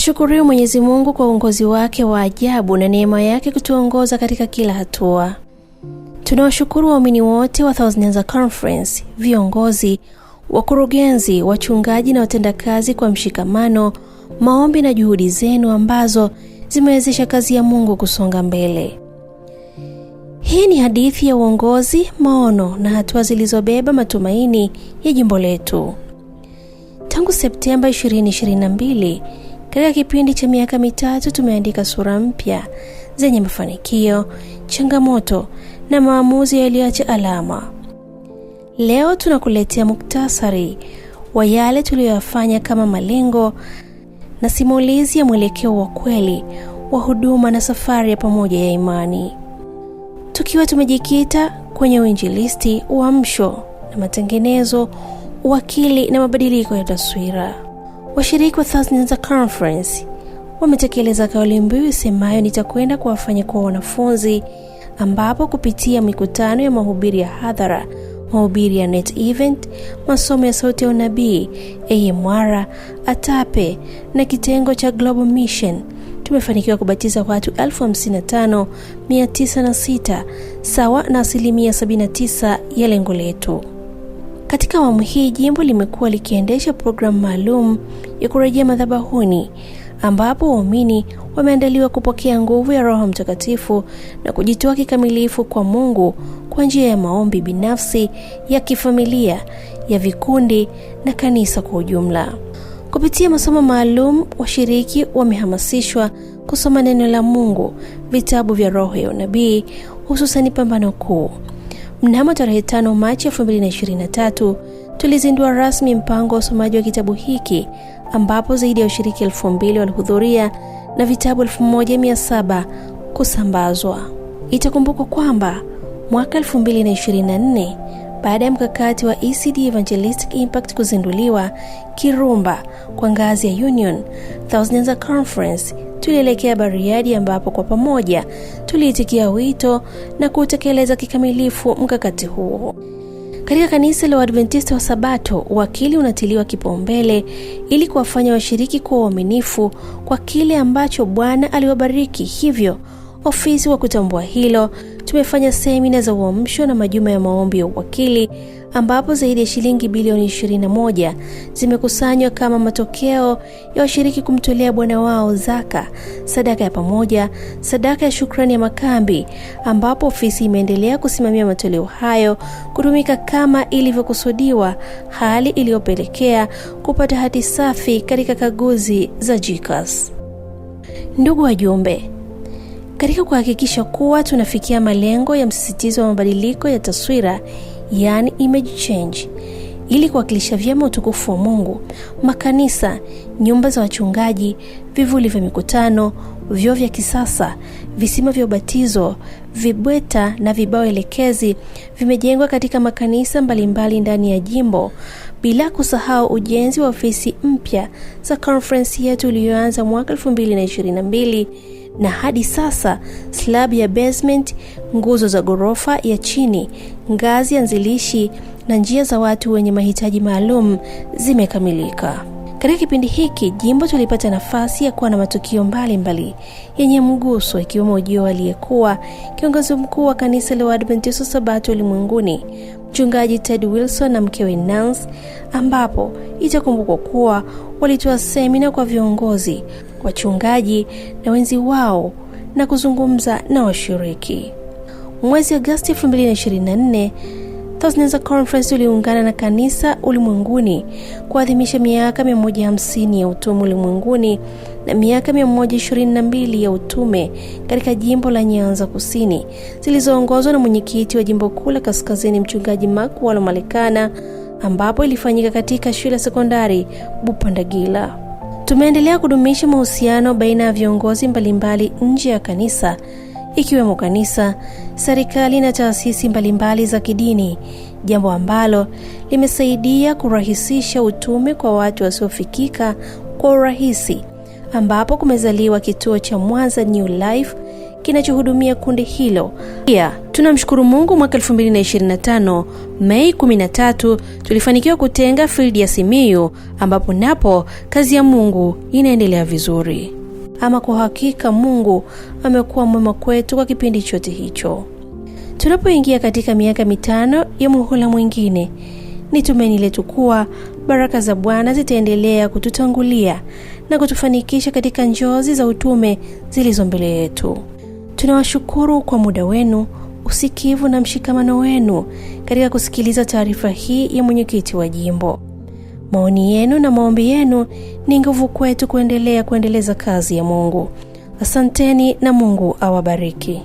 Ashukuriwe Mwenyezi Mungu kwa uongozi wake wa ajabu na neema yake kutuongoza katika kila hatua. Tunawashukuru waumini wote wa Thousand Conference, viongozi, wakurugenzi, wachungaji na watendakazi kwa mshikamano, maombi na juhudi zenu ambazo zimewezesha kazi ya Mungu kusonga mbele. Hii ni hadithi ya uongozi, maono na hatua zilizobeba matumaini ya jimbo letu. Tangu Septemba 2022 katika kipindi cha miaka mitatu tumeandika sura mpya zenye mafanikio, changamoto na maamuzi yaliyoacha alama. Leo tunakuletea muktasari wa yale tuliyoyafanya kama malengo na simulizi ya mwelekeo wa kweli wa huduma na safari ya pamoja ya imani, tukiwa tumejikita kwenye uinjilisti, uamsho na matengenezo, uwakili na mabadiliko ya taswira. Washiriki wa Thousands za conference wametekeleza kauli mbiu isemayo nitakwenda kuwafanya kuwa wanafunzi, ambapo kupitia mikutano ya mahubiri ya hadhara, mahubiri ya net event, masomo ya sauti ya unabii, AMR, ATAPE na kitengo cha Global Mission tumefanikiwa kubatiza watu 55906 sawa na asilimia 79 ya lengo letu. Katika awamu hii jimbo limekuwa likiendesha programu maalum ya kurejea madhabahuni ambapo waumini wameandaliwa kupokea nguvu ya Roho Mtakatifu na kujitoa kikamilifu kwa Mungu kwa njia ya maombi binafsi, ya kifamilia, ya vikundi na kanisa kwa ujumla. Kupitia masomo maalum, washiriki wamehamasishwa kusoma neno la Mungu, vitabu vya roho ya unabii, hususani Pambano Kuu. Mnamo tarehe 5 Machi 2023 tulizindua rasmi mpango wa usomaji wa kitabu hiki ambapo zaidi ya washiriki elfu mbili walihudhuria na vitabu 17 kusambazwa. Itakumbukwa kwamba mwaka 224 baada ya mkakati wa ECD Evangelistic Impact kuzinduliwa Kirumba kwa ngazi ya Union Thousands Conference, tulielekea Bariadi ambapo kwa pamoja tuliitikia wito na kutekeleza kikamilifu mkakati huo. Katika kanisa la uadventista wa Sabato, uwakili unatiliwa kipaumbele ili kuwafanya washiriki kuwa waaminifu kwa kile ambacho Bwana aliwabariki, hivyo ofisi wa kutambua hilo tumefanya semina za uamsho na majuma ya maombi ya uwakili ambapo zaidi ya shilingi bilioni 21 zimekusanywa kama matokeo ya washiriki kumtolea bwana wao zaka, sadaka ya pamoja, sadaka ya shukrani ya makambi, ambapo ofisi imeendelea kusimamia matoleo hayo kutumika kama ilivyokusudiwa, hali iliyopelekea kupata hati safi katika kaguzi za jikas Ndugu wajumbe, katika kuhakikisha kuwa tunafikia malengo ya msisitizo wa mabadiliko ya taswira, yani image change, ili kuwakilisha vyema utukufu wa Mungu, makanisa, nyumba za wachungaji, vivuli vya mikutano, vyoo vya kisasa, visima vya ubatizo, vibweta na vibao elekezi vimejengwa katika makanisa mbalimbali ndani ya jimbo, bila kusahau ujenzi wa ofisi mpya za konferensi yetu iliyoanza mwaka 2022 na hadi sasa slab ya basement, nguzo za ghorofa ya chini, ngazi ya nzilishi na njia za watu wenye mahitaji maalum zimekamilika. Katika kipindi hiki jimbo tulipata nafasi ya kuwa na matukio mbalimbali yenye mguso, ikiwemo ujio aliyekuwa kiongozi mkuu wa kanisa la wadventiso Sabato ulimwenguni mchungaji Ted Wilson na mkewe nance ambapo itakumbukwa kuwa walitoa semina kwa viongozi, wachungaji na wenzi wao na kuzungumza na washiriki. Mwezi Agosti 224 Tanzania Conference uliungana na kanisa ulimwenguni kuadhimisha miaka 150 ya utume ulimwenguni na miaka 122 ya utume katika jimbo la Nyanza Kusini, zilizoongozwa na mwenyekiti wa jimbo kuu la Kaskazini, Mchungaji Mark Walomalikana, ambapo ilifanyika katika shule ya sekondari Bupandagila. Tumeendelea kudumisha mahusiano baina ya viongozi mbalimbali nje ya kanisa ikiwemo kanisa, serikali na taasisi mbalimbali za kidini, jambo ambalo limesaidia kurahisisha utume kwa watu wasiofikika kwa urahisi, ambapo kumezaliwa kituo cha Mwanza New Life kinachohudumia kundi hilo. Pia tunamshukuru Mungu, mwaka 2025 Mei 13 tulifanikiwa kutenga field ya Simiyu, ambapo napo kazi ya Mungu inaendelea vizuri. Ama kwa hakika Mungu amekuwa mwema kwetu kwa kipindi chote hicho. Tunapoingia katika miaka mitano ya muhula mwingine, ni tumaini letu kuwa baraka za Bwana zitaendelea kututangulia na kutufanikisha katika njozi za utume zilizo mbele yetu. Tunawashukuru kwa muda wenu, usikivu na mshikamano wenu katika kusikiliza taarifa hii ya mwenyekiti wa jimbo. Maoni yenu na maombi yenu ni nguvu kwetu kuendelea kuendeleza kazi ya Mungu. Asanteni na Mungu awabariki.